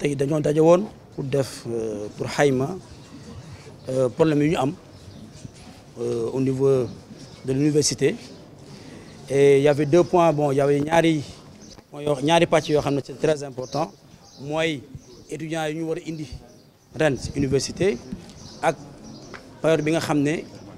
tay dañoo daje woon pour def euh, pour euh problème yu ñu am euh, au niveau de l'université et il y avait deux points bon il y avait ñaari ñaari pàcc yoo xam c'est très important moy étudiants yi ñu war indi ren université ak période bi nga xamné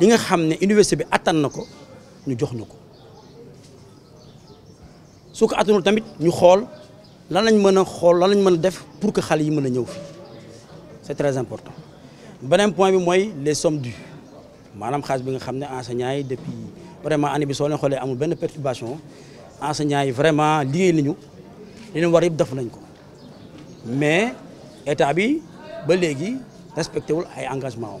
li nga xamné université bi ñu pour que nous yi c'est très important benen point bi les sommes dues manam bi depuis vraiment année bi amul perturbation enseignants vraiment nous..! liñu war def nañ mais état bi ba respecté wul engagement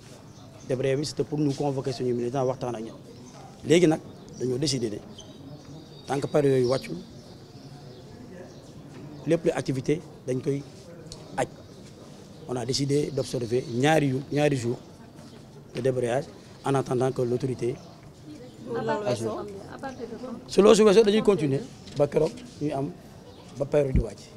te Brahim c'était pour nous convoquer suñu militant waxtaan ak ñoom léegi nag dañoo décidé ne tant que par yooyu wàccul lépp lu activité dañ koy aj on a décidé d'observer ñaari yu ñaari jours de débrayage en attendant que l'autorité su loolu su weesoo dañuy continuer ba keroog ñuy am ba période di wàcc